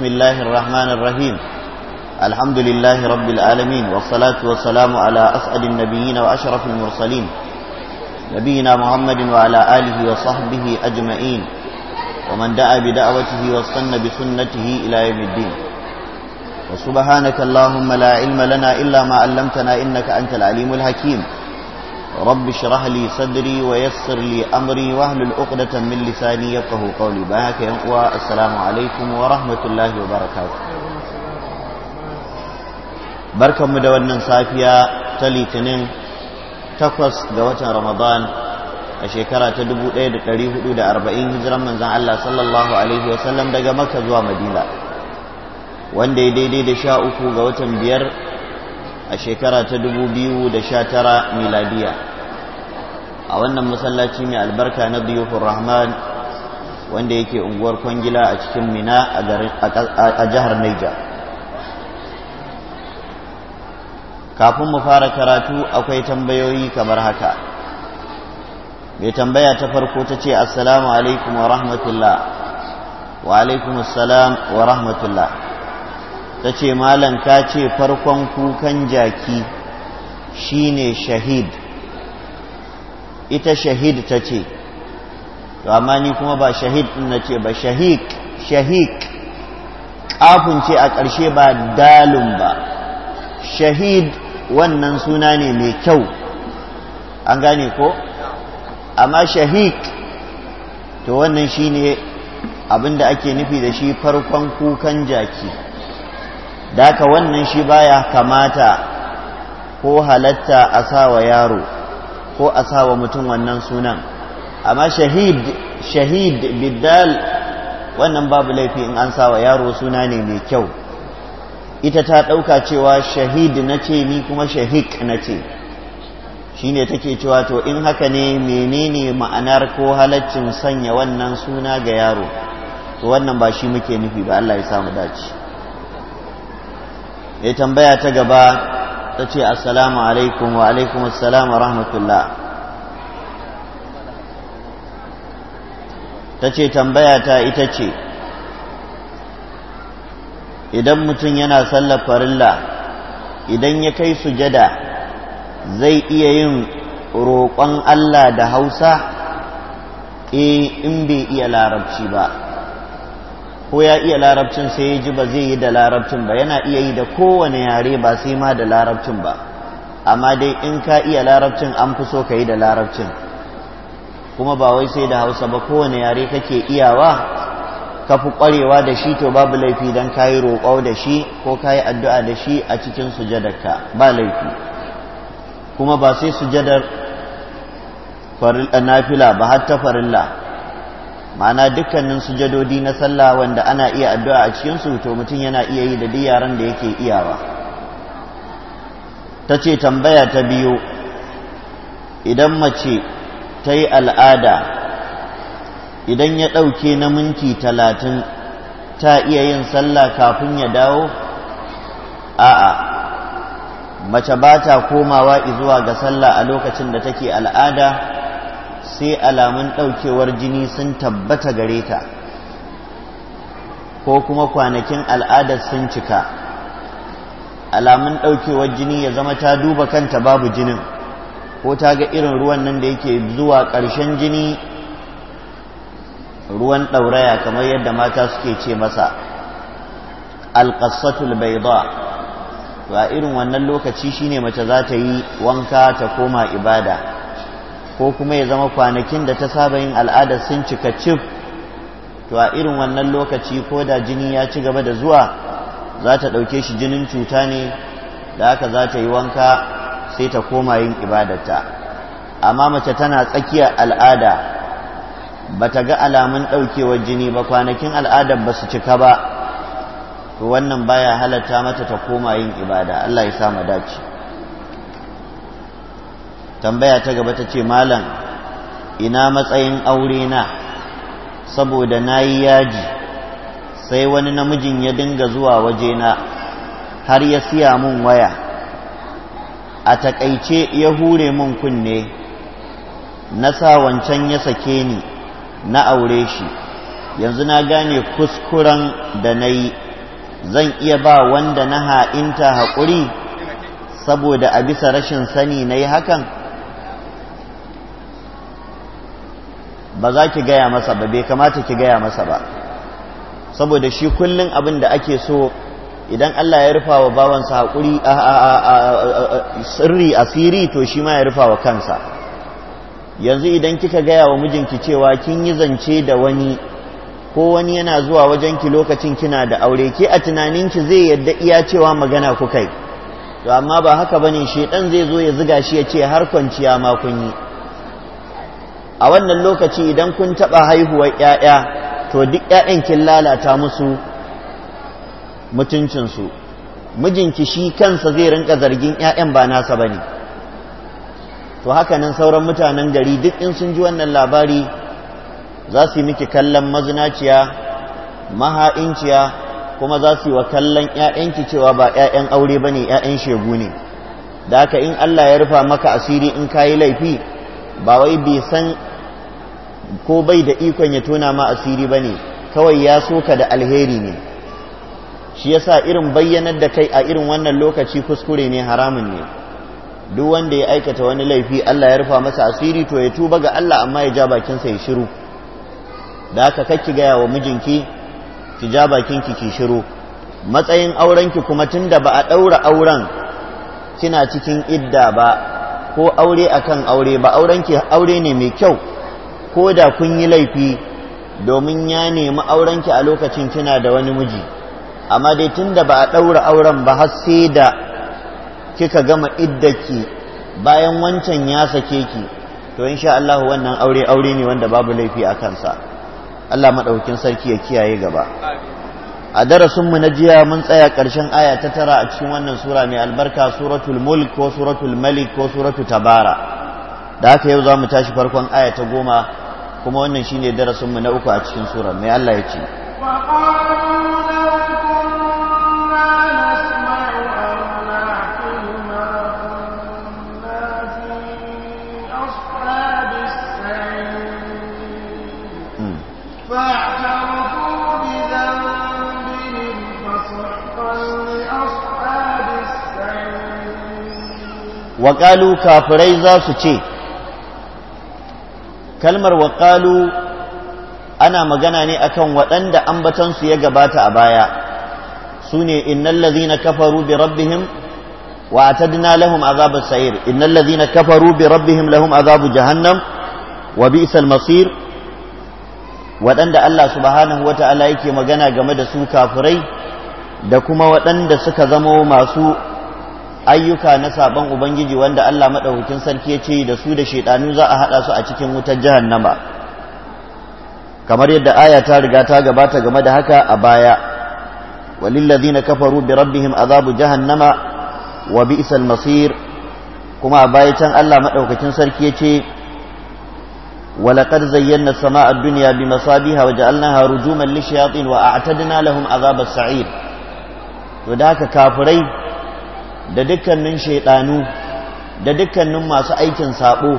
بسم الله الرحمن الرحيم الحمد لله رب العالمين والصلاة والسلام على أسعد النبيين وأشرف المرسلين نبينا محمد وعلى آله وصحبه أجمعين ومن دعا بدعوته واصطن بسنته إلى يوم الدين وسبحانك اللهم لا علم لنا إلا ما علمتنا إنك أنت العليم الحكيم رب اشرح لي صدري ويسر لي امري واهلل عقدة من لساني يفقهوا قولي باك يا السلام عليكم ورحمة الله وبركاته barkanmu da wannan safiya ta litinin takwas ga watan ramadan a shekara ta 1440 hijiran manzan Allah sallallahu alaihi wasallam daga makka zuwa madina wanda ya daidai da sha uku ga watan biyar a shekara ta 2019 miladiya a wannan masallaci mai albarka na duyufin rahman wanda yake unguwar kwangila a cikin mina a jihar naija kafin mu fara karatu akwai tambayoyi kamar haka mai tambaya ta farko ta ce assalamu alaikum wa rahmatullah wa alaikum assalam wa rahmatullah ta ce malam ka ce farkon kukan jaki shine shahid ita shahid ta ce to amma ni kuma ba shahid ɗin na ce ba shahik shahik kafin ce a ƙarshe ba dalun ba shahid wannan suna ne mai kyau an gane ko amma shahik to wannan shine abinda ake nufi da shi farkon kukan jaki da wannan shi baya kamata ko halatta a sawa yaro ko a sawa mutum wannan sunan amma shahid shahid biddal wannan babu laifi in an sa wa yaro suna ne mai kyau ita ta ɗauka cewa shahid na ce ni kuma shahik na ce shine take cewa to in haka ne menene ma'anar ko halaccin sanya wannan suna ga yaro to wannan ba shi muke nufi ba Allah ya samu dace ya tambaya ta gaba ta ce assalamu alaikum wa alaikum assalam rahmatullah ta ce tambaya ta ita ce idan mutum yana sallar farilla idan ya kai sujada zai iya yin roƙon Allah da hausa e in bai iya larabci ba ko ya iya larabcin sai ya ji ba zai yi da larabcin ba yana iya yi da kowane yare ba sai ma da larabcin ba amma dai in ka iya larabcin an fi so ka yi da larabcin kuma ba wai sai da hausa ba kowane yare kake iyawa ka fi ƙwarewa da shi to babu laifi don ka yi roƙo da shi ko ka yi addu'a da shi a cikin sujadarka ba laifi kuma ba sai sujadar nafila ba har ta farilla ma'ana dukkanin sujadodi na sallah wanda ana iya addu'a a cikinsu to mutum yana iya yi da duk yaran da yake iyawa ta ce tambaya ta biyu idan mace ta yi al'ada idan ya ɗauke na minti talatin ta iya yin sallah kafin ya dawo a'a mace ba ta komawa izuwa ga sallah a lokacin da take al'ada sai alamun ɗaukewar jini sun tabbata gare ta ko kuma kwanakin al'adar sun cika alamun ɗaukewar jini ya zama ta duba kanta babu jinin ko ta ga irin ruwan nan da yake zuwa ƙarshen jini ruwan ɗauraya kamar yadda mata suke ce masa alƙasatul bai ba a irin wannan lokaci shine mace za ta yi wanka ta koma ibada ko kuma ya zama kwanakin da ta saba yin al'ada sun cika cif to a irin wannan lokaci ko da jini ya ci gaba da zuwa za ta ɗauke shi jinin cuta ne da haka za ta yi wanka sai ta koma yin ibadarta amma mace tana tsakiyar al'ada ba ta ga alamun ɗaukewar jini ba kwanakin al'adar ba su cika ba to wannan baya halatta mata ta koma yin ibada Allah ya sa mu dace tambaya ta gaba ta ce malam ina matsayin aure na saboda na yi yaji sai wani namijin ya dinga zuwa wajena har ya siya mun waya a takaice ya hure mun kunne na sa wancan ya sake ni na aure shi yanzu na gane kuskuren da na yi zan iya ba wanda na ha'inta haƙuri saboda a bisa rashin sani na yi hakan ba za ki gaya masa ba bai kamata ki gaya masa ba saboda shi kullum abin da ake so idan Allah ya rufa wa bawansa haƙuri sirri asiri to shi ma ya rufa wa kansa yanzu idan kika gaya wa mijinki cewa kin yi zance da wani ko wani yana zuwa wajen ki lokacin kina da aure ke a tunanin ki zai yadda iya cewa magana kukai yi to amma ba haka bane shedan zai zo ya ziga shi ya ce har kwanciya ma kun yi a wannan lokaci idan kun taɓa haihuwar ‘ya'ya to duk ‘ya'yan kin lalata musu mutuncinsu mijinki shi kansa zai rinka zargin ‘ya'yan ba nasa ba ne to haka nan sauran mutanen gari duk in sun ji wannan labari za su yi miki kallon mazinaciya maha'inciya kuma za su yi wa kallon ‘ya'yanki cewa ba ‘ya'yan aure ba ne ‘ya'yan shegu ne da haka in Allah ya rufa maka asiri in kayi laifi ba wai bai san ko bai da ikon ya tona ma asiri ba ne kawai ya so ka da alheri ne shi ya sa irin bayyanar da kai a irin wannan lokaci kuskure ne haramun ne duk wanda ya aikata wani laifi Allah ya rufa masa asiri to ya tuba ga Allah amma ya ja bakinsa ya shiru da haka kakki gaya wa mijinki ki ja bakinki ki shiru matsayin aurenki kuma tun da ba a ɗaura auren kina cikin idda ba ko aure akan aure ba aurenki aure ne mai kyau ko da kun yi laifi domin ya nemi aurenki a lokacin kina da wani miji amma dai tunda ba a ɗaura auren ba har sai da kika gama iddaki bayan wancan ya sake ki to insha Allah wannan aure aure ne wanda babu laifi a kansa Allah madaukin sarki ya kiyaye gaba a darasin mu na jiya mun tsaya ƙarshen aya ta tara a cikin wannan sura mai albarka suratul mulk ko suratul malik ko suratul tabara da haka yau za mu tashi farkon aya ta goma kuma wannan shi ne darasinmu na uku a cikin sura mai Allah ya ce hmm. kafirai za su ce. kalmar waƙalu ana magana ne akan waɗanda ambatansu ya gabata a baya su ne innal kafaru bi rabbihim wa atadna lahum azab sa'ir innal kafaru bi rabbihim lahum jahannam wa bi'sal masir waɗanda Allah subhanahu wata'ala yake magana game da su kafirai da kuma waɗanda suka zamo masu ayyuka na saban ubangiji wanda Allah maɗaukakin sarki ya ce da su da shaidanu za a haɗa su a cikin wutar jahannama kamar yadda aya ta riga ta gabata game da haka a baya walillazina kafaru bi rabbihim azabu jahannama wa bi'sal masir kuma a baya can Allah maɗaukakin sarki ya ce ولقد زينا السماء الدنيا بمصابيها وجعلناها رجوما للشياطين واعتدنا لهم عذاب السعير to da haka kafurai. da dukkanin shaidanu da dukkanin masu aikin sabo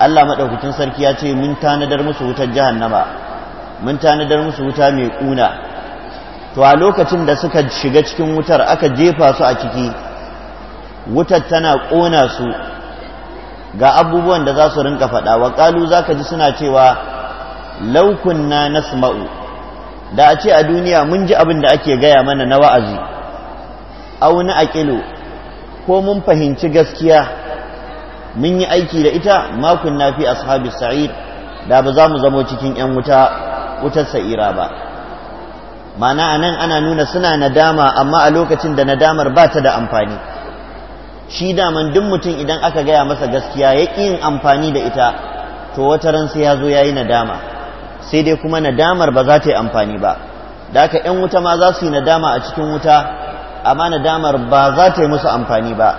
Allah maɗaukakin sarki ya ce mun tanadar musu wutar jahannama mun tanadar musu wuta mai ƙuna to a lokacin da suka shiga cikin wutar aka jefa su a ciki wutar tana ƙona su ga abubuwan da za su rinka faɗa wa ƙalu za ka ji suna cewa laukunna nasma'u da a ce a duniya mun ji abin da ake gaya mana na wa'azi auna a kilo ko mun fahimci gaskiya mun yi aiki da ita makon na fi ashabi sa'ir da ba za mu zamo cikin 'yan wuta wutar sa'ira ba mana anan ana nuna suna nadama amma a lokacin da nadamar ba ta da amfani shi daman duk mutum idan aka gaya masa gaskiya ya amfani da ita to wata ran sai ya zo ya yi nadama sai dai kuma nadamar ba za ta yi amfani ba da haka 'yan wuta ma za su yi nadama a cikin wuta amma damar ba za ta yi musu amfani ba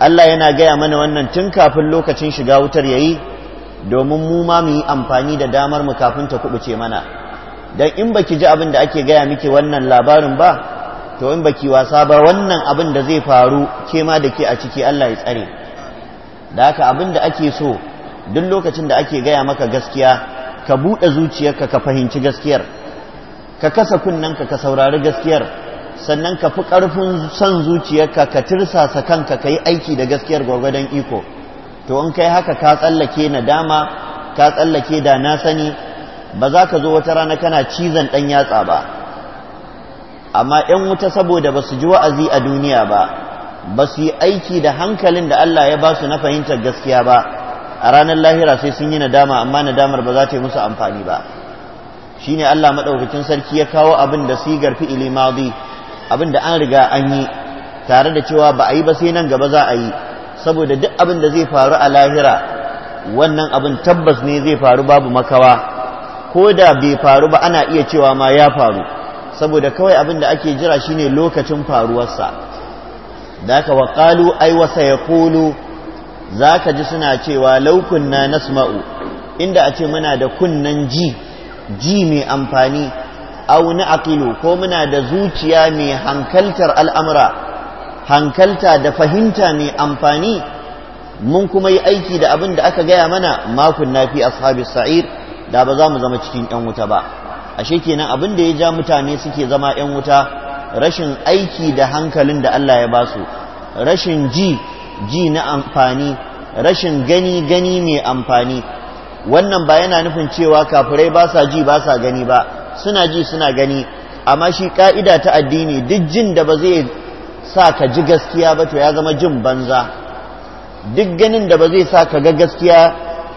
Allah yana gaya mana wannan tun kafin lokacin shiga wutar ya yi domin mu ma mu yi amfani da damar mu kafin ta kubuce mana don in baki ji abin da ake gaya miki wannan labarin ba to in baki wasa ba wannan abin da zai faru ke ma da ke a ciki Allah ya tsare da haka abin da ake so duk lokacin da ake gaya maka gaskiya ka buɗe zuciyarka ka fahimci gaskiyar ka kasa kunnen ka ka saurari gaskiyar sannan ka fi ƙarfin son zuciyarka ka tirsasa kanka ka yi aiki da gaskiyar gwagwadon iko to in kai haka ka tsallake nadama ka tsallake da na sani ba za ka zo wata rana kana cizon ɗan yatsa ba amma ‘yan wuta saboda ba su ji wa'azi a duniya ba ba su yi aiki da hankalin da Allah ya ba su na fahimtar gaskiya ba a ranar lahira sai sun yi nadama amma nadamar ba za ta yi musu amfani ba shine Allah maɗaukakin sarki ya kawo abin da sigar garfi madi abin da an riga an yi tare da cewa ba a yi ba sai nan gaba za a yi saboda duk abin da zai faru a lahira wannan abin tabbas ne zai faru babu makawa ko da bai faru ba ana iya cewa ma ya faru saboda kawai abin da ake jira shine lokacin faruwarsa da aka wa wasa ya wa za ka ji suna cewa laukun na nasma'u inda a ce muna da kunnan ji ji mai amfani au aqilu ko muna da zuciya mai hankaltar al'amura hankalta da fahimta mai amfani mun kuma yi aiki da abin da aka gaya mana makon na fi ashabi sa'ir da ba za mu zama cikin 'yan wuta ba ashe kenan abin da ya ja mutane suke zama 'yan wuta rashin aiki da hankalin da Allah ya ba su rashin ji ji na amfani rashin gani gani mai amfani wannan ba yana nufin cewa kafirai ba sa ji ba sa gani ba suna ji suna gani amma shi ka'ida ta addini duk jin da ba zai sa ka ji gaskiya ba to ya zama jin banza duk ganin da ba zai sa ka ga gaskiya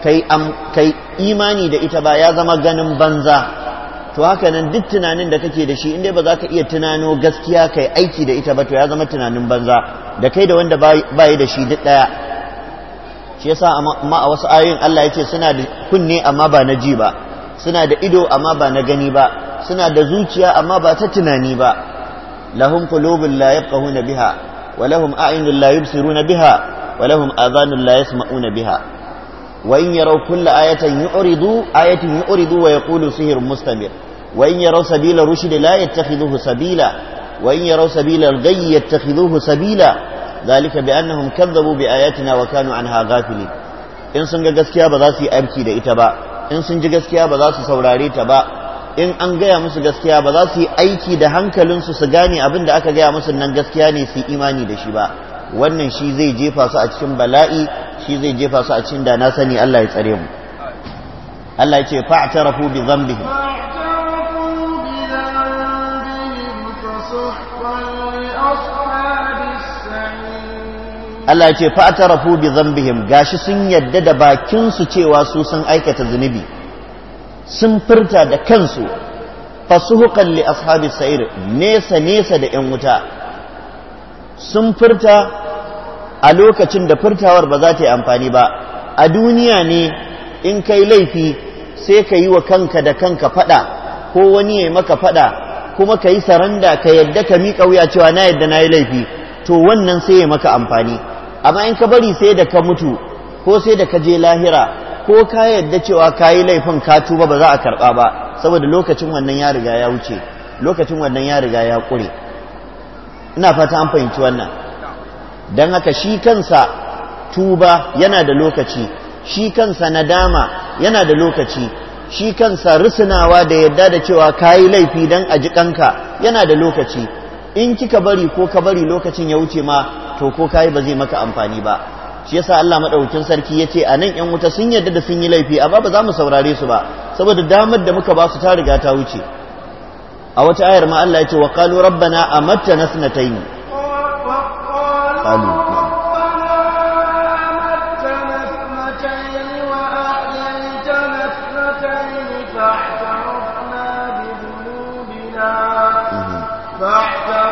kai imani da ita ba ya zama ganin banza to haka nan duk tunanin da kake da shi inda ba za ka iya tunano gaskiya kai aiki da ita ba to ya zama tunanin banza da kai da wanda bayi da shi duk ɗaya shi yasa amma a wasu ayoyin Allah ya ce suna da kunne amma ba na ji ba suna da ido amma ba na gani ba suna da zuciya amma ba ta tunani ba lahum qulubun la yafqahuna biha wa lahum a'yunun la yubsiruna biha wa lahum adhanun la yasma'una biha wa in yaraw kulla ayatin yu'ridu ayatin yu'ridu wa yaqulu sihrun mustamir wa in yaraw sabila rushdi la yattakhidhuhu sabila wa in yaraw sabila al-ghayy yattakhidhuhu sabila dhalika bi annahum kadzabu bi ayatina wa kanu anha ghafilin in sun ga gaskiya ba su yi aiki da ita ba in sun ji gaskiya ba za su saurare ta ba in an gaya musu gaskiya ba za su yi aiki da hankalinsu su gane abin da aka gaya musu nan gaskiya ne su yi imani da shi ba wannan shi zai jefa su a cikin bala'i shi zai jefa su a cikin da na sani Allah ya tsare mu Allah ya ce fa'tarafu bi dhanbihim Allah ya ce fa'atarafu bi zambihim gashi sun yadda da bakin su cewa su sun aikata zunubi sun furta da kansu fasuhuqan li ashabi sa'ir nesa nesa da yan wuta sun furta a lokacin da furtawar ba za ta yi amfani ba a duniya ne in kai laifi sai ka yi wa kanka da kanka fada ko wani ya maka fada kuma ka yi saranda ka yadda ka miƙa wuya cewa na yadda na yi laifi to wannan sai ya maka amfani amma in ka bari sai da ka mutu ko sai da ka je lahira ko ka yadda cewa ka yi laifin ka tuba ba za a karɓa ba saboda lokacin wannan ya riga ya wuce lokacin wannan ya riga ya ƙure ina fata an fahimci wannan don haka shi kansa tuba yana da lokaci shi kansa nadama yana da lokaci shi kansa rusunawa da yadda da cewa ka yi laifi don a ji kanka yana da lokaci in kika bari ko ka bari lokacin ya wuce ma to ko kai ba zai maka amfani ba shi yasa Allah madaukakin sarki yace a nan yan wuta sun yarda da sun yi laifi amma ba za mu saurare su ba saboda damar da muka ba su ta riga ta wuce a wata ayar ma Allah yace wa qalu rabbana amatta nasnatayn qalu فاعترفنا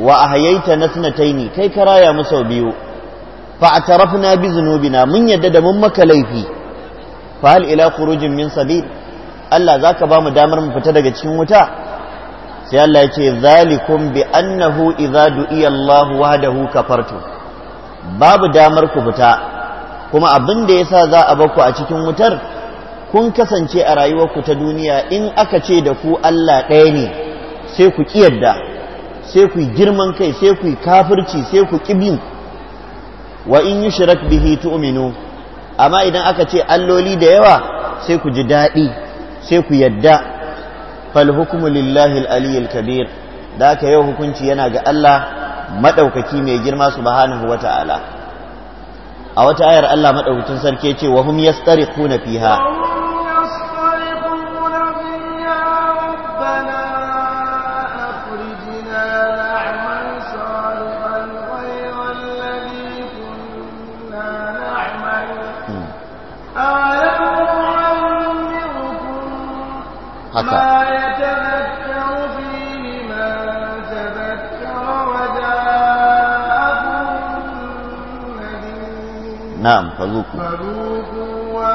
wa ahyaita nasnataini kai ka raya mu sau biyu fa na bi zunubina mun yadda da mun maka laifi fa hal ila khurujin min sabil Allah zaka ba mu damar mu fita daga cikin wuta sai Allah ya ce zalikum bi annahu idza du'iya Allah wahdahu kafartu babu damar ku fita kuma abin da yasa za a ku a cikin wutar kun kasance a rayuwarku ta duniya in aka ce da ku Allah ɗaya ne sai ku ƙi yarda. sai ku girman kai sai ku kafirci sai ku kibin wa in yushrak bihi tu'minu amma idan aka ce alloli da yawa sai ku ji daɗi sai ku yadda fal hukmu lillahi al kabir da aka yau hukunci yana ga Allah madaukaki mai girma subhanahu wata'ala a wata ayar Allah madaukakin sarki ce wa hum yastariquna fiha فذوقوا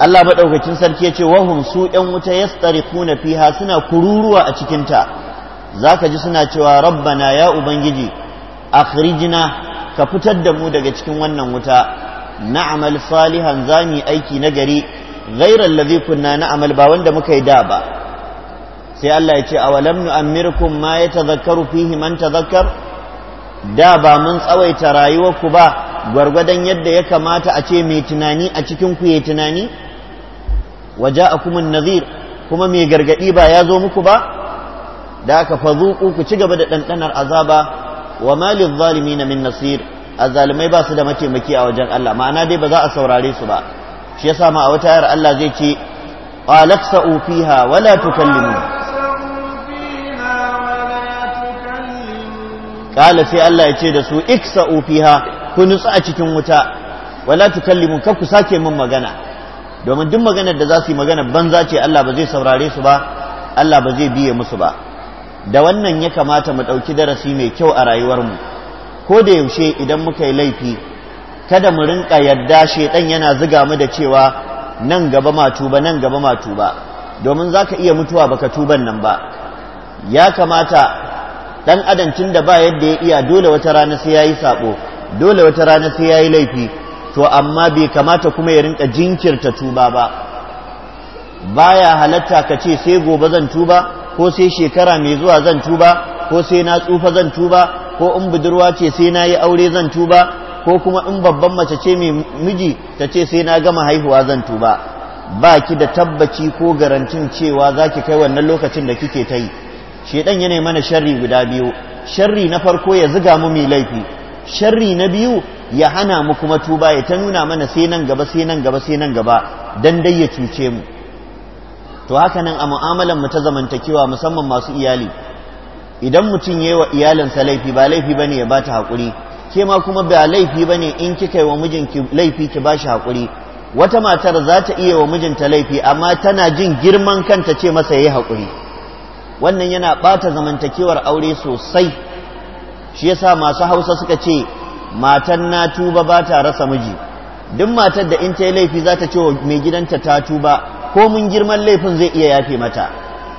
Allah maɗaukakin sarki ya ce wahum su ‘yan wuta ya kuna fiha suna kururuwa a cikinta za ka ji suna cewa rabbana ya ubangiji akhrijna ka fitar da mu daga cikin wannan wuta na'amal salihan zami aiki na gari ghairar allazi kunna na'amal ba wanda muka yi da ba sai Allah ya ce awalam nu'ammirkum ma yatadhakkaru fihi man tadhakkar da ba mun tsawaita rayuwarku ba gwargwadon yadda ya kamata a ce mai tunani a cikin ku yayi tunani waje a kuma nazir kuma mai gargadi ba ya zo muku ba da aka fazuku ku ci gaba da ɗanɗanar azaba wa malin zalimi na min nasir azalimai ba su da mataimaki a wajen Allah ma'ana dai ba za a saurare su ba shi yasa ma a wata yar Allah zai ce qalaqsa fiha wala tukallimu kala sai Allah ya ce da su iksa fiha ku nutsu a cikin wuta wala tukallimu ka ku sake min magana domin duk maganar da za su yi magana banza ce Allah ba zai saurare su ba Allah ba zai biye musu ba da wannan ya kamata mu ɗauki darasi mai kyau a rayuwar mu ko da yaushe idan muka yi laifi kada mu rinka yadda shaidan yana ziga mu da cewa nan gaba ma tuba nan gaba ma tuba domin zaka iya mutuwa baka tuban nan ba ya kamata dan adam tun da ba yadda ya iya dole wata rana sai yayi saɓo dole wata rana sai yayi laifi to amma bai kamata kuma ya rinka jinkirta tuba ba baya halatta ka ce sai gobe zan tuba ko sai shekara mai zuwa zan tuba ko sai na tsufa zan tuba ko in budurwa ce sai na yi aure zan tuba ko kuma in babban mace ce mai miji ta ce sai na gama haihuwa zan tuba ba ki da tabbaci ko garantin cewa za ki kai wannan lokacin da kike ta yi shedan yana mana sharri guda biyu sharri na farko ya ziga mu mai laifi sharri na biyu ya hana mu kuma tuba ya ta nuna mana sai nan gaba sai nan gaba sai nan gaba dan dai ya cuce mu to haka nan a mu'amalan mu ta zamantakewa musamman masu iyali idan mutum yayi wa iyalinsa laifi ba laifi bane ya bata hakuri ke ma kuma ba laifi bane in kika yi wa mijinki laifi ki ba shi hakuri wata matar za ta iya wa mijinta laifi amma tana jin girman kanta ce masa ya yi hakuri wannan yana ɓata zamantakewar aure sosai shi yasa masu hausa suka ce matan na tuba ba ta rasa miji duk matar da in ta yi laifi za ta ce wa mai gidanta ta tuba ko mun girman laifin zai iya yafe mata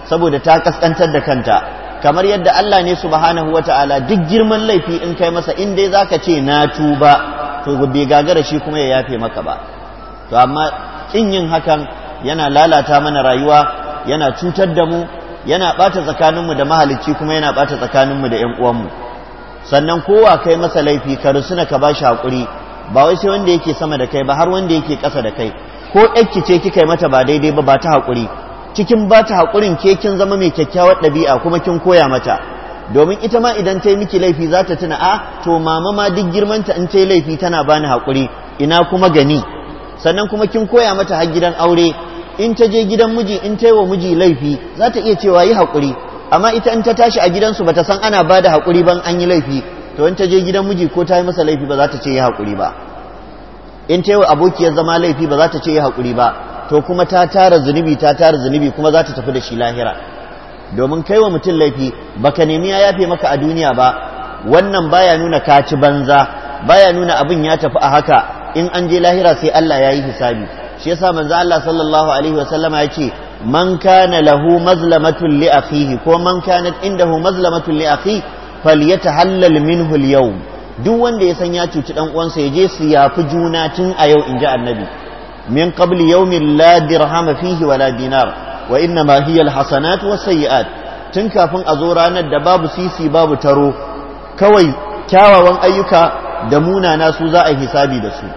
saboda ta kaskantar da kanta kamar yadda Allah ne subhanahu wa ta'ala duk girman laifi in kai masa in dai za ka ce na tuba to bai gagara shi kuma ya yafe maka ba to amma kin yin hakan yana lalata mana rayuwa yana cutar da mu yana ɓata tsakaninmu da mahalicci kuma yana ɓata tsakaninmu da ‘yan uwanmu sannan kowa kai masa laifi ka rusuna ka bashi haƙuri ba wai sai wanda yake sama da kai ba har wanda yake ƙasa da kai ko ɗakki ce kika yi mata ba daidai ba ba ta haƙuri cikin ba ta haƙurin ke kin zama mai kyakkyawar ɗabi'a kuma kin koya mata domin ita ma idan ta yi miki laifi za ta tuna a ah, to mama ma duk girmanta in ta yi laifi tana bani haƙuri ina kuma gani sannan kuma kin koya mata har gidan aure in ta je gidan miji in ta yi wa miji laifi za ta iya cewa yi haƙuri amma ita in ta tashi a gidansu ba ta san ana ba da haƙuri ban an yi laifi to in ta je gidan miji ko ta yi masa laifi ba za ta ce yi haƙuri ba in ta yi wa abokiyar zama laifi ba za ta ce yi haƙuri ba to kuma ta tara zunubi ta tara zunubi kuma za ta tafi da shi lahira domin kai wa mutum laifi baka nemi ya yafe maka a duniya ba wannan baya nuna kaci banza baya nuna abin ya tafi a haka in an je lahira sai Allah ya yi hisabi shi yasa manzo Allah sallallahu alaihi wa sallama yace man kana lahu mazlamatun li akhihi ko man kanat indahu mazlamatun li akhi falyatahallal minhu al-yawm duk wanda ya san ya cuci dan uwansa ya je su yafi juna tun a yau inji annabi min qabli yawmin la dirham fihi wala dinar wa inna ma hiya al-hasanat was sayiat tun kafin a zo ranar da babu sisi babu taro kawai kyawawan ayyuka da munana su za a hisabi da su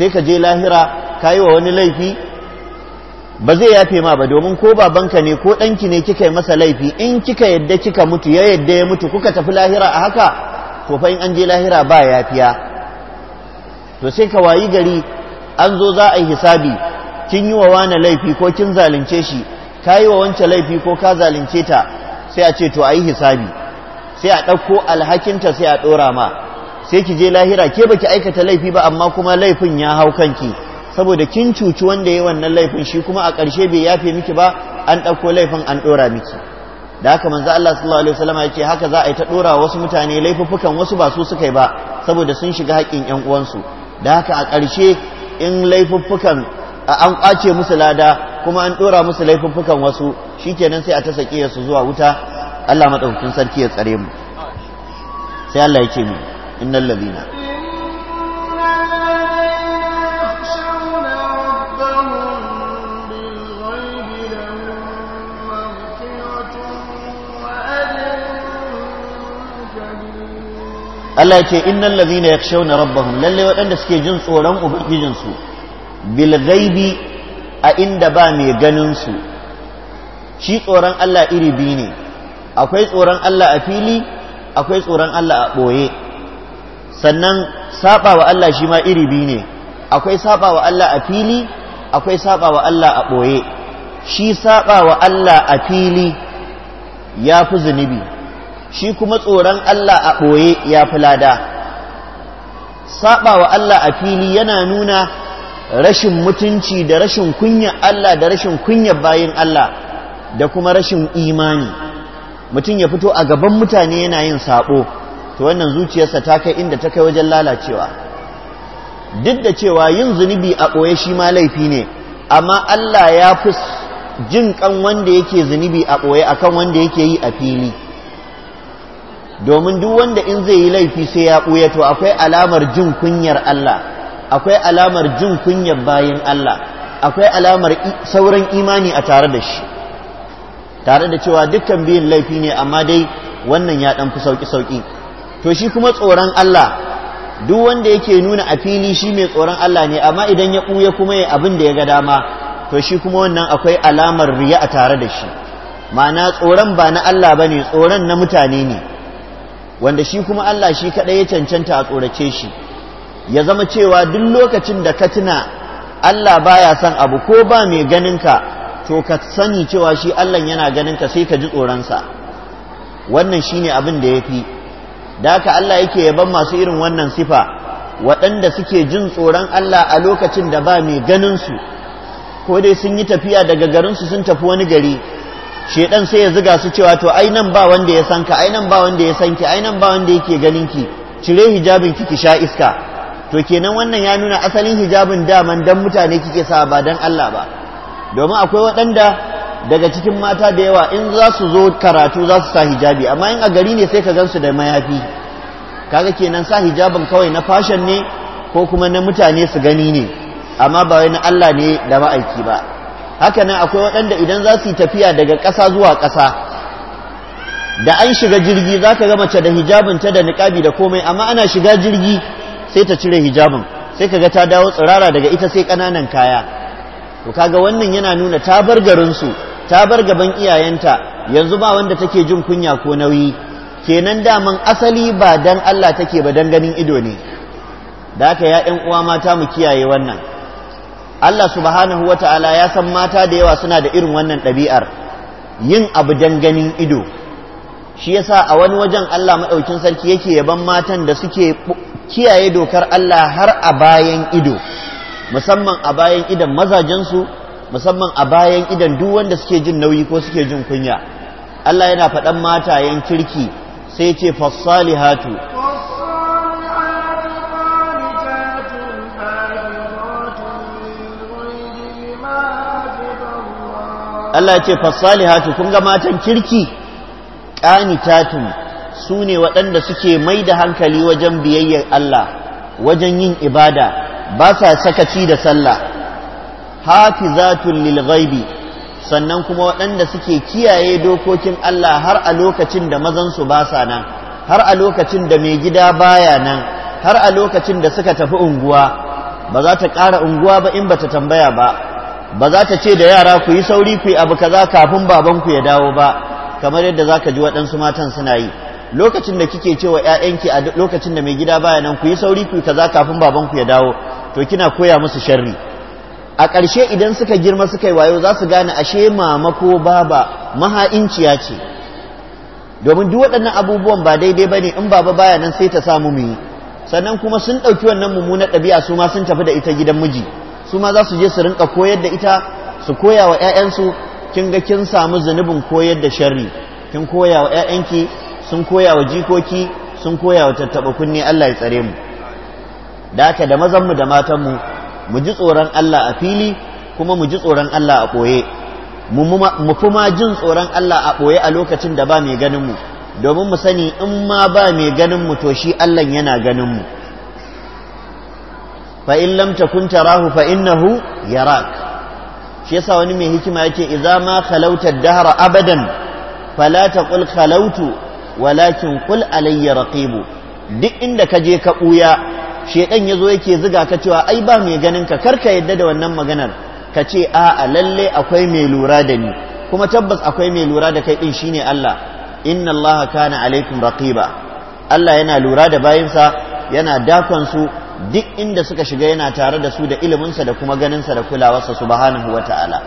sai ka je lahira ka yi wa wani laifi ba zai yafe ma ba domin ko babanka ne ko ɗanki ne kika yi masa laifi in kika yadda kika mutu ya yadda ya mutu kuka tafi lahira a haka to fa an je lahira ba yafiya to sai ka wayi gari an zo za a yi hisabi kin yi wa wani laifi ko kin zalunce shi ka yi wa wancan laifi ko ka zalunce ta sai a ce to a yi hisabi sai a ɗauko alhakinta sai a ɗora ma sai ki je lahira ke baki aikata laifi ba amma kuma laifin ya hau kanki saboda kin cuci wanda ya wannan laifin shi kuma a ƙarshe bai yafe miki ba an ɗauko laifin an ɗora miki da haka manzo Allah sallallahu alaihi wasallam yake haka za a yi ta ɗora wasu mutane laifuffukan wasu ba su suka yi ba saboda sun shiga haƙƙin ƴan uwansu da haka a ƙarshe in laifuffukan an ƙwace musu lada kuma an ɗora musu laifuffukan wasu shikenan sai a ta sake su zuwa wuta Allah madaukakin sarki ya tsare mu sai Allah ya ce mu إن الذين Allah ya ce innal ladhina yakshawna rabbahum lalle waɗanda suke jin tsoron ubangijin su bil ghaibi a inda ba mai ganin su shi tsoron Allah iri biyu ne akwai tsoron Allah a fili akwai tsoron Allah a ɓoye sannan saba wa Allah shi ma iri biyu ne akwai saba wa Allah a fili akwai saba wa Allah a ɓoye shi saba wa Allah a fili ya fi zunubi shi kuma tsoron Allah a ɓoye ya fi lada saba wa Allah a fili yana nuna rashin mutunci da rashin kunya Allah da rashin kunya bayin Allah da kuma rashin imani mutum ya fito a gaban mutane yana yin saɓo. to wannan zuciyarsa ta kai inda ta kai wajen lalacewa duk da cewa yin zunubi a ɓoye shi ma laifi ne amma Allah ya fi jin kan wanda yake zunubi a ɓoye a kan wanda yake yi a fili domin duk wanda in zai yi laifi sai ya ɓoye to akwai alamar jin kunyar Allah akwai alamar jin kunyar bayan Allah akwai alamar sauran imani a tare da shi tare da cewa dukkan biyun laifi ne amma dai wannan ya ɗan fi sauƙi-sauƙi to shi kuma tsoron Allah duk wanda yake nuna a fili shi mai tsoron Allah ne amma idan ya ɓuya kuma ya abin da ya ga dama to shi kuma wannan akwai alamar riya a tare da shi ma'ana tsoron ba na Allah ba ne tsoron na mutane ne wanda shi kuma Allah shi kaɗai ya cancanta a tsorace shi ya zama cewa duk lokacin da ka tuna Allah baya son abu ko ba mai ganinka to ka sani cewa shi Allah yana ganinka sai ka ji tsoronsa wannan shi ne abin da ya fi da haka Allah yake yaban masu irin wannan sifa waɗanda suke jin tsoron Allah a lokacin da ba mai ganin su ko dai sun yi tafiya daga garinsu sun tafi wani gari shedan sai ya ziga su cewa to ai nan ba wanda ya sanka ai nan ba wanda ya sanki ai nan ba wanda yake ganin ki cire hijabin ki ki sha iska to kenan wannan ya nuna asalin hijabin daman dan mutane kike sa ba dan Allah ba domin akwai waɗanda daga cikin mata da yawa in za su zo karatu za su sa hijabi amma in a gari ne sai ka gansu da mayafi kaga kenan sa hijabin kawai na fashion ne ko kuma na mutane su gani ne amma ba wai na Allah ne da ma'aiki ba haka nan akwai waɗanda idan za su yi tafiya daga ƙasa zuwa ƙasa da an shiga jirgi za ka ga mace da hijabin ta da niƙabi da komai amma ana shiga jirgi sai ta cire hijabin sai ka ga ta dawo tsirara daga ita sai ƙananan kaya to kaga wannan yana nuna ta bar garinsu ta bar gaban iyayenta yanzu ba wanda take jin kunya ko nauyi kenan daman asali ba dan Allah take ba dan ganin ido ne da haka ya ƴan uwa mata mu kiyaye wannan Allah subhanahu wata'ala ya san mata da yawa suna da irin wannan ɗabi'ar yin abu dan ganin ido shi yasa a wani wajen Allah maɗaukin sarki yake yaban matan da suke kiyaye dokar Allah har a bayan ido musamman a bayan idan mazajensu musamman a bayan idan duk wanda suke jin nauyi ko suke jin kunya Allah yana faɗan matayen kirki sai ce fassalihatu Allah ce fassalihatu kun ga matan kirki qanitatun su ne waɗanda suke mai da hankali wajen biyayyar Allah wajen yin ibada ba sa sakaci da sallah hafizatun lil ghaibi sannan kuma waɗanda suke kiyaye dokokin Allah har a lokacin da mazansu ba sa nan har a lokacin da mai gida baya nan har a lokacin da suka tafi unguwa ba za ta ƙara unguwa ba in bata tambaya ba ba za ta ce da yara ku yi sauri ku yi abu kaza kafin babanku ya dawo ba kamar yadda za ka ji waɗansu matan suna yi lokacin da kike cewa ‘ya'yanki a lokacin da mai gida baya nan ku yi sauri ku yi kaza kafin babanku ya dawo to kina koya musu sharri a ƙarshe idan suka girma suka yi wayo za su gane ashe mama ko baba maha'inciya ce domin duk waɗannan abubuwan ba daidai ba ne in baba baya nan sai ta samu mu yi sannan kuma sun ɗauki wannan mummunar ɗabi'a su ma sun tafi da ita gidan miji su ma za su je su rinka koyar da ita su koya wa 'ya'yansu kin ga kin samu zunubin koyar da sharri kin koya wa 'ya'yanki sun koya wa jikoki sun koya wa tattaɓa kunne Allah ya tsare mu da haka da mazanmu da matanmu mu ji tsoron Allah a fili kuma mu ji tsoron Allah a ɓoye mu fi ma jin tsoron Allah a ɓoye a lokacin da ba mai ganin mu domin mu sani in ma ba mai ganin mu to shi Allah yana ganin mu fa in lam takun tarahu fa innahu yarak shi yasa wani mai hikima yake idza ma khalauta dahra abadan fala taqul khalautu walakin qul alayya raqibu duk inda ka je ka ɓuya ya zo yake ziga ka cewa ai ba mai ganin ka karka yadda da wannan maganar ka ce a lalle akwai mai lura da ni kuma tabbas akwai mai lura da kai din shine Allah inna Allah kana alaikum raqiba Allah yana lura da bayansa yana dakon su duk inda suka shiga yana tare da su da iliminsa da kuma ganinsa da kulawarsa subhanahu wata'ala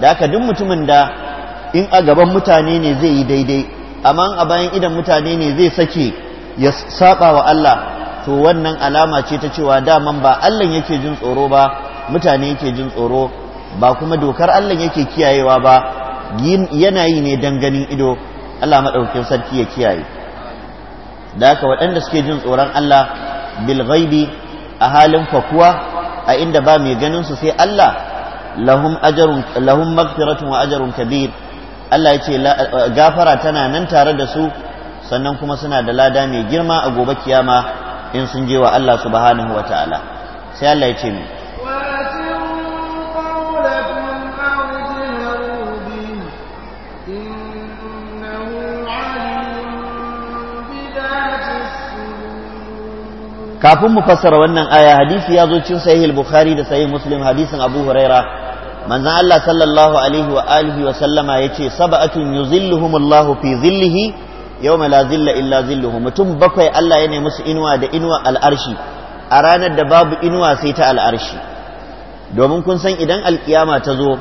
da haka duk mutumin da in a gaban mutane ne zai yi daidai amma a bayan idan mutane ne zai sake ya saba wa Allah to wannan alama ce ta cewa daman ba Allah yake jin tsoro ba mutane yake jin tsoro ba kuma dokar Allah yake kiyayewa ba yana yi ne dan ganin ido Allah maɗaukin sarki ya kiyaye da haka waɗanda suke jin tsoron Allah bil a halin fakuwa a inda ba mai ganin su sai Allah lahum ajrun lahum wa ajrun kabir Allah ya ce gafara tana nan tare da su sannan kuma suna da lada mai girma a gobe kiyama in sun je wa Allah subhanahu wa ta'ala sai Allah ya ce mu kafin mu fassara wannan aya hadisi ya zo cin sahih al-bukhari da sahih muslim hadisin abu huraira manzon Allah sallallahu alaihi wa alihi wa sallama yace sab'atun yuzilluhumullahu fi zillihi yau la zilla illa zilluhu mutum bakwai Allah ya nemi su inuwa da inuwa al'arshi a ranar da babu inuwa sai ta al'arshi domin kun san idan alkiyama ta zo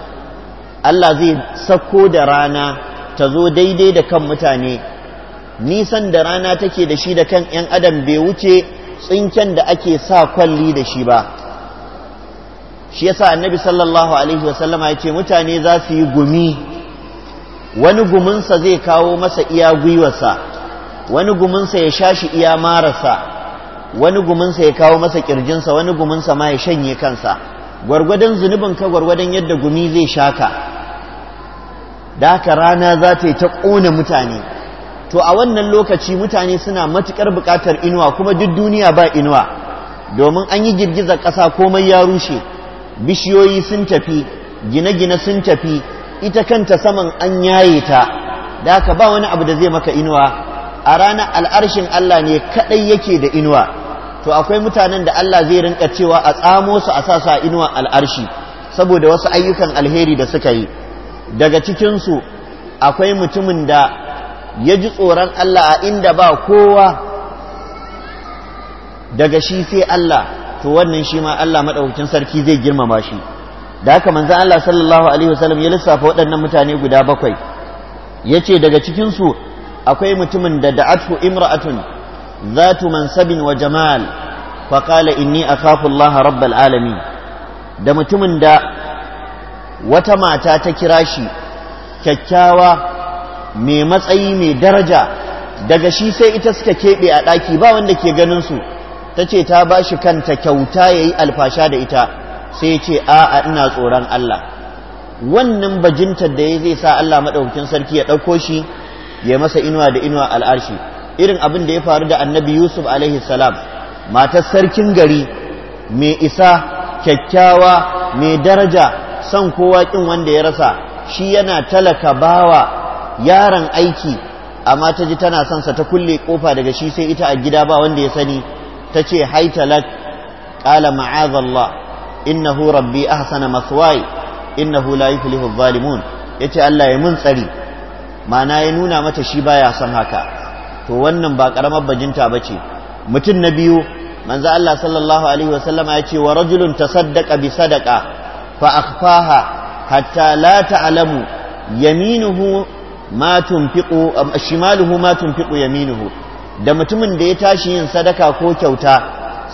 Allah zai sako da rana ta zo daidai da kan mutane nisan da rana take da shi da kan ‘yan adam bai wuce tsinken da ake sa kwalli da shi ba shi yasa annabi sallallahu alaihi wasallama ya ce mutane za su yi gumi wani guminsa zai kawo masa iya gwiwarsa wani guminsa ya sha shi iya marasa wani guminsa ya kawo masa kirjinsa wani guminsa ma ya shanye kansa gwargwadon zunubin ka gwargwadon yadda gumi zai sha ka da haka rana za ta yi ta ƙona mutane to a wannan lokaci mutane suna matuƙar buƙatar inuwa kuma duk duniya ba inuwa domin an yi girgizar ƙasa komai ya rushe bishiyoyi sun tafi gine-gine sun tafi ita kanta saman an yaye ta da haka ba wani abu da zai maka inuwa a ranar al'arshin Allah ne kaɗai yake da inuwa to akwai mutanen da Allah zai rinka cewa a tsamo su a sa a inuwa al'arshi saboda wasu ayyukan alheri da suka yi daga cikinsu akwai mutumin da ya ji tsoron Allah a inda ba kowa daga shi sai Allah to wannan shi ma Allah maɗaukakin sarki zai girmama shi da haka manzon Allah sallallahu alaihi wasallam ya lissafa waɗannan mutane guda bakwai yace daga cikin su akwai mutumin da da'atu imra'atun zatu mansabin wa jamal fa qala inni akhafu Allah rabbal alamin da mutumin da wata mata ta kira shi kyakkyawa mai matsayi mai daraja daga shi sai ita suka keɓe a ɗaki ba wanda ke ganin su ta ce ta ba shi kanta kyauta ya yi alfasha da ita sai ce a ina tsoron Allah wannan bajintar da ya zai sa Allah maɗaukakin sarki ya ɗauko shi ya masa inuwa da inuwa al'arshi irin abin da ya faru da annabi Yusuf alaihi salam matar sarkin gari mai isa kyakkyawa mai daraja son kowa ƙin wanda ya rasa shi yana talaka bawa yaron aiki amma ta ji tana son sa ta kulle ƙofa daga shi sai ita a gida ba wanda ya sani ta ce haitalak ƙala ma'azallah innahu rabbi ahsana maswai innahu la yuflihu adh-dhalimun yace Allah ya mun tsari na ya nuna mata shi baya son haka to wannan ba karamar bajinta bace mutum na biyu manzo Allah sallallahu alaihi ya ce wa rajulun tasaddaqa bi sadaqa fa akhfaha hatta la ta'lamu yaminuhu ma tunfiqu shimaluhu ma tunfiqu yaminuhu da mutumin da ya tashi yin sadaka ko kyauta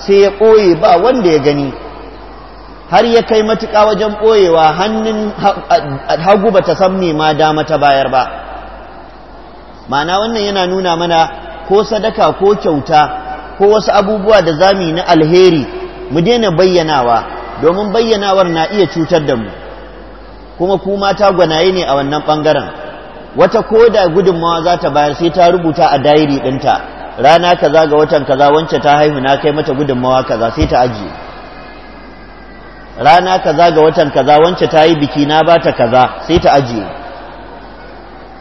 sai ya koye ba wanda ya gani har ya kai matuƙa wajen ɓoyewa hannun hagu ba ta san me ma dama ta bayar ba ma'ana wannan yana nuna mana ko sadaka ko kyauta ko wasu abubuwa da zami na alheri mu daina bayyanawa domin bayyanawar na iya cutar da mu kuma ku mata gwanaye ne a wannan ɓangaren wata ko da gudunmawa za ta bayar sai ta rubuta a dayiri ɗinta rana kaza ga watan kaza wance ta haihu na kai mata gudunmawa kaza sai ta ajiye rana kaza ga watan kaza wance ta yi biki na ba ta kaza sai ta ajiye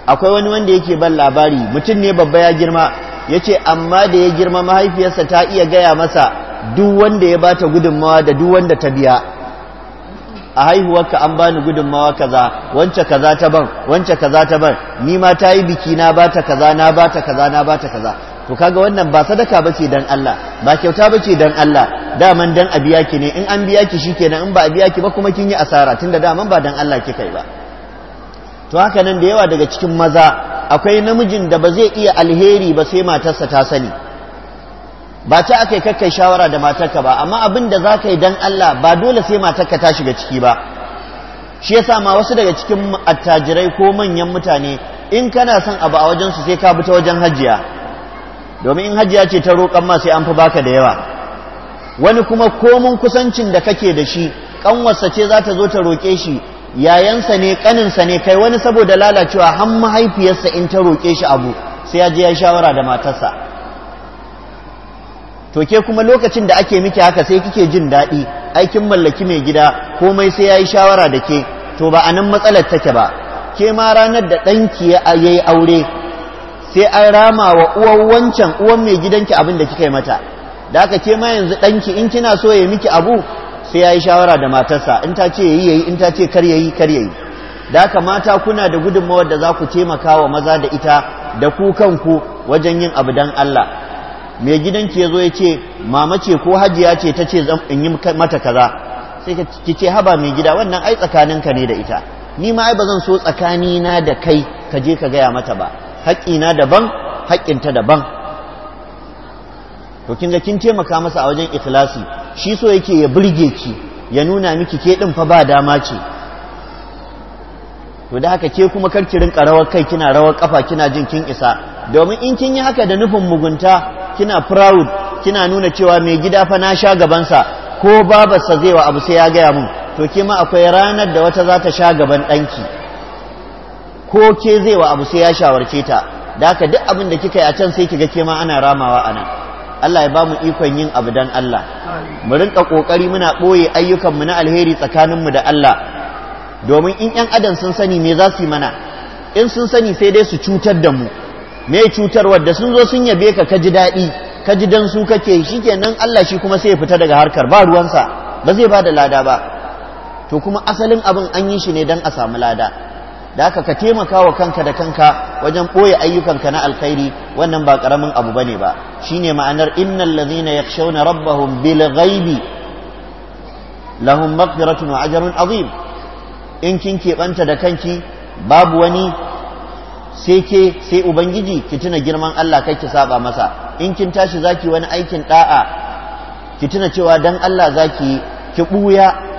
akwai wani wanda yake ban labari mutum ne babba ya girma ya ce amma da ya girma mahaifiyarsa ta iya gaya masa duk wanda ya bata gudunmawa da duwanda ta biya a haihuwarka an bani gudunmawa kaza wance kaza ta ban wance kaza ta ban ni ma ta yi biki na ta kaza na ba ta kaza na ba ta kaza to kaga wannan ba sadaka bace dan Allah ba kyauta bace dan Allah daman dan a biya ki ne in an biya ki shi kenan in ba a biya ki ba kuma kin yi asara tunda daman ba dan Allah ki kai ba to haka nan da yawa daga cikin maza akwai namijin da ba zai iya alheri ba sai matarsa ta sani ba ta akai kakkai shawara da matarka ba amma abin da za ka yi dan Allah ba dole sai matarka ta shiga ciki ba shi yasa ma wasu daga cikin attajirai ko manyan mutane in kana son abu a wajensu sai ka bi ta wajen hajiya domin in hajiya ce ta roƙan ma sai an fi baka da yawa wani kuma komun kusancin da kake da shi ƙanwarsa ce za ta zo ta roƙe shi yayansa ne ƙaninsa ne kai wani saboda lalacewa har mahaifiyarsa in ta roƙe shi abu sai ya je ya shawara da matarsa to ke kuma lokacin da ake miki haka sai kike jin daɗi aikin mallaki mai gida komai sai ya yi shawara da ke to ba a nan matsalar take ba ke ma ranar da ɗanki ya yi aure sai an rama wa uwan wancan uwan mai gidanki abin da kika yi mata da aka ce ma yanzu ɗanki in kina so ya miki abu sai ya yi shawara da matarsa in ta ce yayi yayi in ta ce kar yayi kar yayi da aka mata kuna da gudunmawar da za ku taimaka wa maza da ita da ku kanku wajen yin abu dan Allah mai gidanki ya zo ya ce mama ce ko hajiya ce ta ce in yi mata kaza sai ki ce haba mai gida wannan ai tsakaninka ne da ita ni ma ai ba zan so tsakanina da kai ka je ka gaya mata ba haƙƙina daban haƙƙinta daban to kin ga kin taimaka masa a wajen ikhlasi shi so yake ya burge ki ya nuna miki ke din fa ba dama ce to da haka ke kuma karki rinka rawar kai kina rawar kafa kina jin kin isa domin in kin yi haka da nufin mugunta kina proud kina nuna cewa mai gida fa na sha gabansa ko babarsa zai wa abu sai ya gaya mun to ke ma akwai ranar da wata za ta sha gaban ɗanki ko ke zai wa abu sai ya shawarce ta da haka duk abin da kika yi a can sai kiga ke ma ana ramawa a nan Allah ya ba mu ikon yin abu dan Allah mu rinka ƙoƙari muna ɓoye ayyukanmu na alheri tsakaninmu da Allah domin in yan adam sun sani me za su yi mana in sun sani sai dai su cutar da mu me cutar wadda sun zo sun yabe ka kaji daɗi kaji ji su kake nan Allah shi kuma sai ya fita daga harkar ba ruwansa ba zai ba da lada ba to kuma asalin abin an yi shi ne don a samu lada da aka ka taimaka wa kanka da kanka wajen ɓoye ayyukanka na alkhairi wannan ba ƙaramin abu bane ba shine ma'anar innal ladhina yakhshawna rabbahum bil ghaibi lahum maghfiratun wa ajrun azim in kin keɓanta da kanki babu wani sai ke sai ubangiji ki tuna girman Allah kai ki saba masa in kin tashi zaki wani aikin da'a ki tuna cewa dan Allah zaki ki buya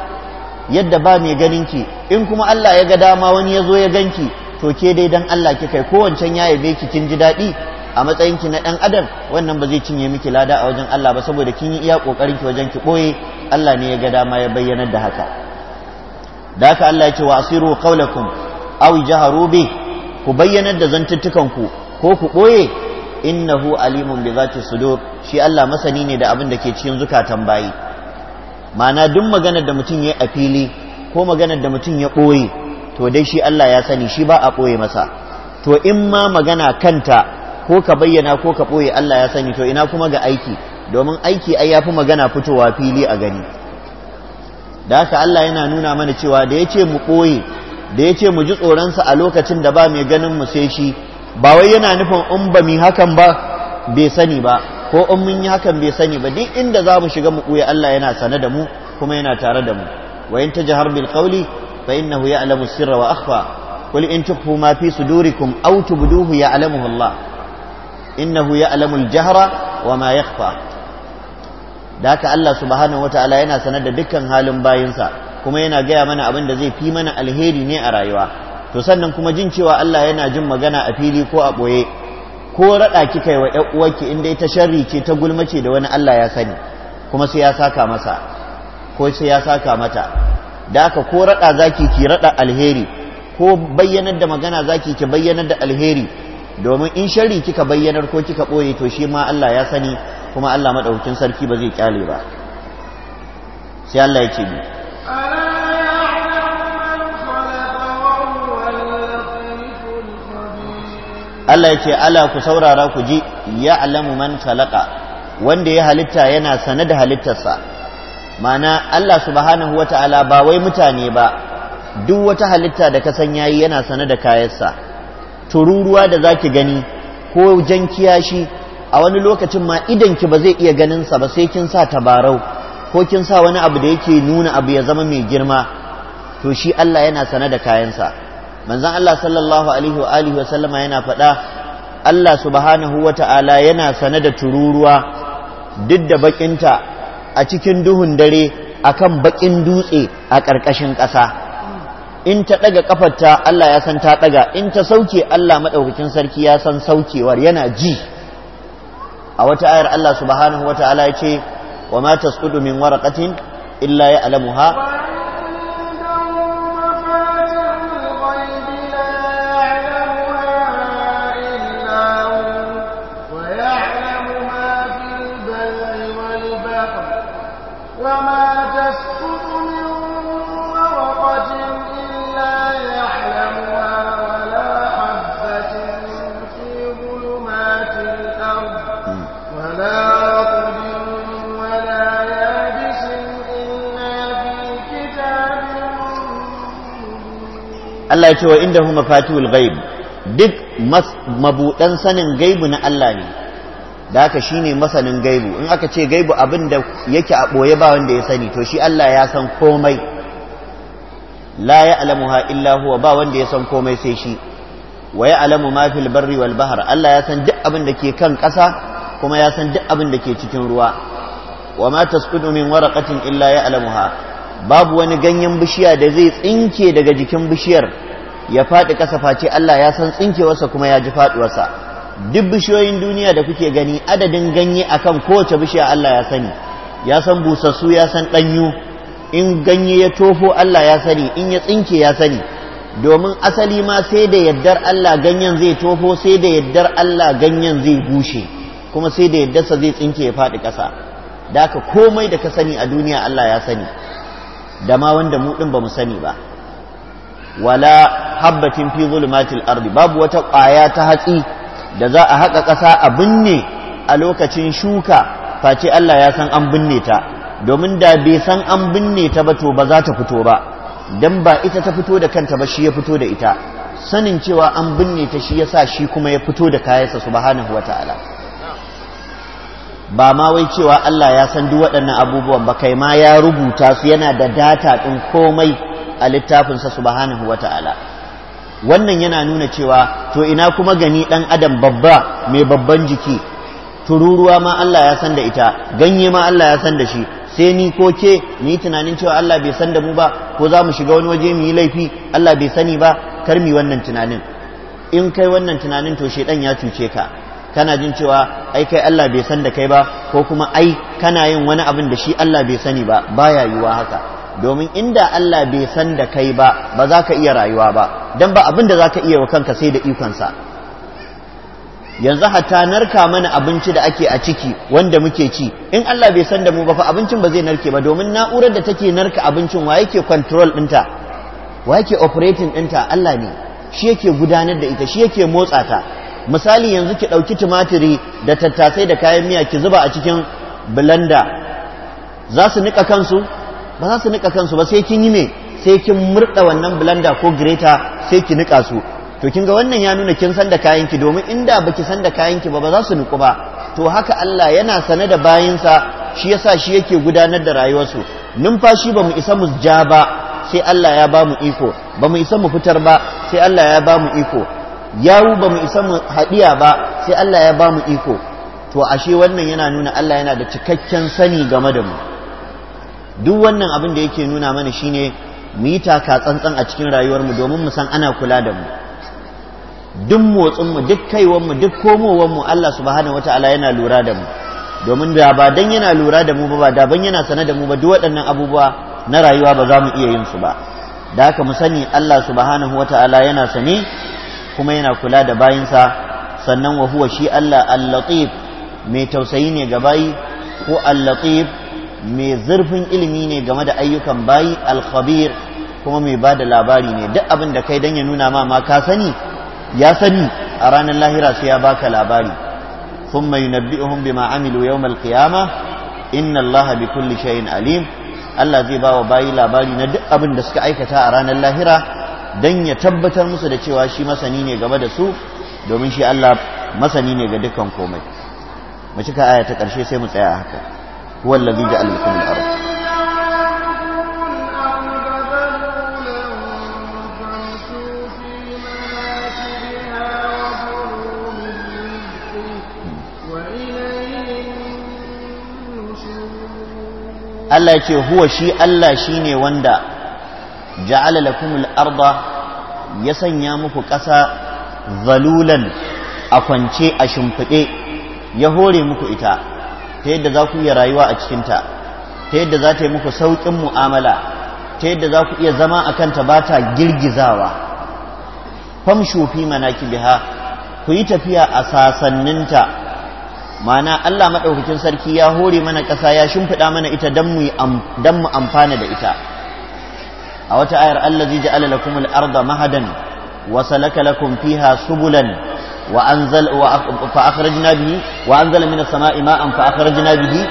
yadda ba mai ganin ki in kuma Allah ya ga dama wani ya zo ya ganki to ke dai dan Allah ki kai kowancan ya yabe ki kin ji daɗi a matsayin ki na ɗan adam wannan ba zai cinye miki lada a wajen Allah ba saboda kin yi iya ƙoƙarinki wajen ki ɓoye Allah ne ya ga dama ya bayyanar da haka da haka Allah ya ce wa asiru qawlakum aw jaharu bi ku bayyanar da zantuttukan ku ko ku ɓoye innahu alimun bi zati sudur shi Allah masani ne da abin da ke cikin zukatan bayi ma'ana duk maganar da mutum ya a fili ko maganar da mutum ya ɓoye to dai shi Allah ya sani shi ba a ɓoye masa to in ma magana kanta ko ka bayyana ko ka ɓoye Allah ya sani to ina kuma ga aiki domin aiki ai ya fi magana fitowa fili a gani da haka Allah yana nuna mana cewa da ya ce mu ɓoye da ya ce mu ji tsoronsa a lokacin da ba mai ganin mu sai shi ba wai yana nufin in ba mi hakan ba bai sani ba ko in mun yi hakan bai sani ba duk inda za mu shiga mu ɓuya Allah yana sane da mu kuma yana tare da mu wa in tajhar bil qawli fa innahu ya'lamu sirra wa akhfa qul in tukhfu ma fi sudurikum aw tubduhu ya'lamuhu Allah innahu ya'lamu al jahra wa ma yakhfa da haka Allah subhanahu wataala yana sane da dukkan halin bayinsa kuma yana gaya mana abin da zai fi mana alheri ne a rayuwa to sannan kuma jin cewa Allah yana jin magana a fili ko a ɓoye ko raɗa kika yi wa ‘yan uwarki in dai ta sharri ce ta gulma ce da wani Allah ya sani kuma sai ya saka masa ko sai ya saka mata da aka ko raɗa zaki ki raɗa alheri ko bayyanar da magana zaki ki bayyanar da alheri domin in sharri kika bayyanar ko kika ɓoye to shi ma Allah ya sani kuma Allah maɗaukin sarki ba zai kyale ba sai Allah ya ce ni Allah ya ce ala ku saurara ku ji ya alamu man khalaqa wanda ya halitta yana sane da halittarsa ma'ana Allah subhanahu wa ta'ala ba wai mutane ba duk wata halitta da ka san yayi yana sane da kayansa tururuwa da zaki gani ko jan kiyashi a wani lokacin ma idan ki ba zai iya ganin sa ba sai kin sa tabarau ko kin sa wani abu da yake nuna abu ya zama mai girma to shi Allah yana sane da kayansa manzon Allah sallallahu alaihi wa alihi wa sallama yana faɗa Allah subhanahu wa ta'ala yana sane da tururuwa duk da bakinta a cikin duhun dare akan bakin dutse a ƙarƙashin ƙasa in ta ɗaga ƙafarta Allah ya san ta ɗaga in ta sauke Allah maɗaukakin sarki ya san saukewar yana ji a wata ayar Allah subhanahu wa ta'ala ya ce wa ma tasqutu min waraqatin illa alamuha. Allah ya ce wa mafatihul ghaib duk mabudan sanin gaibu na Allah ne da haka shine masanin gaibu in aka ce gaibu abin da yake a boye ba wanda ya sani to shi Allah ya san komai la ya'lamuha illa huwa ba wanda ya san komai sai shi wa ya'lamu ma fil barri wal bahr Allah ya san duk abin da ke kan ƙasa kuma ya san duk abin da ke cikin ruwa wa ma tasqudu min waraqatin illa ya'lamuha babu wani ganyen bishiya da zai tsinke daga jikin bishiyar ya faɗi ƙasa face Allah ya san tsinkewarsa kuma ya ji faɗuwarsa duk bishiyoyin duniya da kuke gani adadin ganye akan kowace bishiya Allah ya sani ya san busassu ya san ɗanyu in ganye ya tofo Allah ya sani in ya tsinke ya sani domin asali ma sai da yaddar Allah ganyen zai tofo sai da yaddar Allah ganyen zai bushe kuma sai da yaddarsa zai tsinke ya faɗi ƙasa da aka komai da ka sani a duniya Allah ya sani da ma wanda mu ɗin ba mu sani ba wala habbatin fi zulumatil ardi babu wata ƙwaya ta hatsi da za a haƙa ƙasa a binne a lokacin shuka face Allah ya san an binne ta domin da bai san an binne ta ba to ba za ta fito ba dan ba ita ta fito da kanta ba shi ya fito da ita sanin cewa an binne ta shi yasa shi kuma ya fito da kayansa subhanahu wataala ba ma wai cewa Allah ya san duk waɗannan abubuwan ba kai ma ya rubuta su yana da data ɗin komai a littafinsa subhanahu wa ta'ala wannan yana nuna cewa to ina kuma gani dan adam babba mai babban jiki tururuwa ma Allah ya san da ita ganye ma Allah ya san da shi sai ni ko ke ni tunanin cewa Allah bai san da mu ba ko za mu shiga wani waje mu yi laifi Allah bai sani ba kar mi wannan tunanin in kai wannan tunanin to shedan ya cuce ka kana jin cewa ai kai Allah bai san da kai ba ko kuma ai kana yin wani abin da shi Allah bai sani ba baya yiwuwa haka domin inda Allah bai san da kai ba ba za ka iya rayuwa ba don ba abin da za ka iya wa kanka sai da ikonsa yanzu hatta narka mana abinci da ake a ciki wanda muke ci in Allah bai san da mu ba fa abincin ba zai narke ba domin na'urar da take narka abincin wa yake control ɗinta wa yake operating dinta Allah ne shi yake gudanar da ita shi yake motsa ta misali yanzu ki ɗauki tumatiri da tattasai da kayan miya ki zuba a cikin blender za su nika kansu ba za su nika kansu ba sai kin yi me sai kin murda wannan blender ko grater sai ki nika su to kin ga wannan ya nuna kin san da kayan ki domin inda baki san da kayan ki ba ba za su niku ba to haka Allah yana sane da bayinsa shi yasa shi yake gudanar da rayuwarsu numfashi ba mu isa mu ja ba sai Allah ya ba mu iko ba mu isa mu fitar ba sai Allah ya ba mu iko yawu ba mu isa mu haɗiya ba sai Allah ya ba mu iko to ashe wannan yana nuna Allah yana da cikakken sani game da mu duk wannan abin da yake nuna mana shine mu yi taka tsantsan a cikin rayuwarmu domin mu san ana kula da mu duk motsinmu duk kaiwanmu duk komowanmu Allah subhanahu wata'ala yana lura da mu domin da ba dan yana lura da mu ba ba yana sane da mu ba duk waɗannan abubuwa na rayuwa ba za mu iya yin su ba da haka mu sani Allah subhanahu wata'ala yana sani kuma yana kula da bayinsa sannan wa huwa shi Allah al-latif mai tausayi ne ga bayi ko al-latif mai zurfin ilimi ne game da ayyukan bayi alkhabir kuma mai ba da labari ne duk abin da kai dan ya nuna ma ma ka sani ya sani a ranar lahira sai ya baka labari thumma yunabbi'uhum bima amilu yawmal qiyamah inna allaha kulli shay'in alim Allah zai ba wa bayi labari na duk abin da suka aikata a ranar lahira dan ya tabbatar musu da cewa shi masani ne game da su domin shi Allah masani ne ga dukkan komai mu cika aya ta ƙarshe sai mu tsaya haka هو الذي جعل لكم الأرض Allah ya ce huwa shi Allah shi ne wanda ja'ala lakumul arda ya sanya muku ƙasa zalulan a kwance a shimfiɗe ya hore muku ita ta yadda za ku iya rayuwa a cikinta ta yadda za ta yi muku sauƙin mu'amala ta yadda za ku iya zama a kanta ba ta girgizawa famshu fi biha ku yi tafiya a sasanninta ma'ana Allah maɗaukakin sarki ya hore mana ƙasa ya shimfiɗa mana ita don mu amfana da ita a wata ayar zai ji alalakumul arda mahadan wa salaka lakum fiha subulan وأنزل فأخرجنا به وأنزل من السماء ماء فأخرجنا به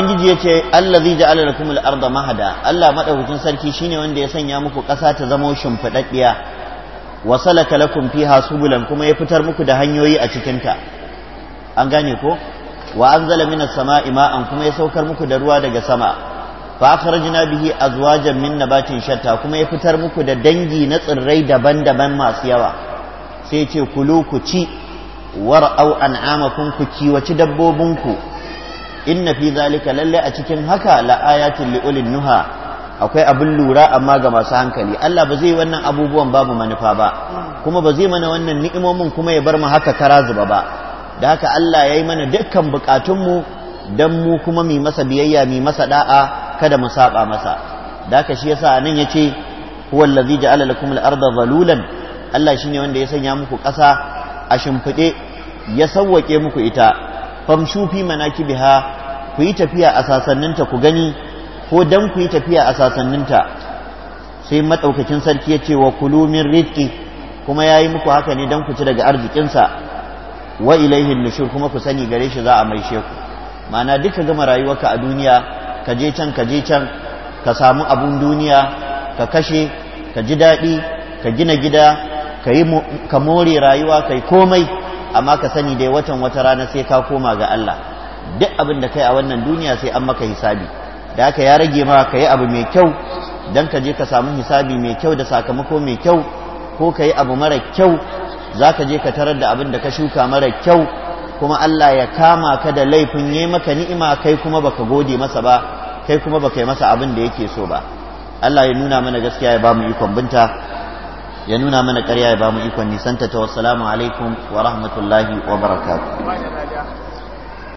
ubangiji ya ce zai ja'ala lakum al-ardha mahada Allah madaukakin sarki shine wanda ya sanya muku ƙasa ta zama shimfidaddiya wa salaka lakum fiha subulan kuma ya fitar muku da hanyoyi a cikin ta an gane ko wa anzala minas sama'i ma'an kuma ya saukar muku da ruwa daga sama fa akhrajna bihi azwajan min nabatin shatta kuma ya fitar muku da dangi na tsirrai daban-daban masu yawa sai ce kulu ku ci war'au an'amakum ku kiwaci dabbobinku ku inna fi zalika lalle a cikin haka la ayatin li nuha akwai abin lura amma ga masu hankali Allah ba zai wannan abubuwan babu manufa ba kuma ba zai mana wannan ni'imomin kuma ya bar mu haka kara zuba ba da haka Allah ya yi mana dukkan bukatunmu dan mu kuma mi masa biyayya mi masa da'a kada mu saba masa da haka shi yasa nan yace huwal allazi ja'ala lakum al-arda zalulan Allah shine wanda ya sanya muku ƙasa a shimfiɗe ya sawwake muku ita famshu fi manakibiha ku yi tafiya a sasanninta ku gani ko dan ku yi tafiya a sasanninta sai madaukakin sarki ya ce wa kulumin min kuma ya yi muku haka ne dan ku ci daga arzikinsa wa ilaihin nushur kuma ku sani gare shi za a maishe ku ma'ana duka gama rayuwarka a duniya ka je can ka je can ka samu abun duniya ka kashe ka ji daɗi ka gina gida ka more rayuwa kai komai amma ka sani dai watan wata rana sai ka koma ga Allah duk abin da kai a wannan duniya sai an maka hisabi da haka ya rage ma ka yi abu mai kyau dan ka je ka samu hisabi mai kyau da sakamako mai kyau ko ka yi abu mara kyau za ka je ka tarar da abin da ka shuka mara kyau kuma Allah ya kama ka da laifin yi maka ni'ima kai kuma baka gode masa ba kai kuma baka yi masa abin da yake so ba Allah ya nuna mana gaskiya ya ba mu ikon binta ya nuna mana ƙarya ya ba mu ikon nisanta ta wassalamu alaikum wa rahmatullahi wa barakatuh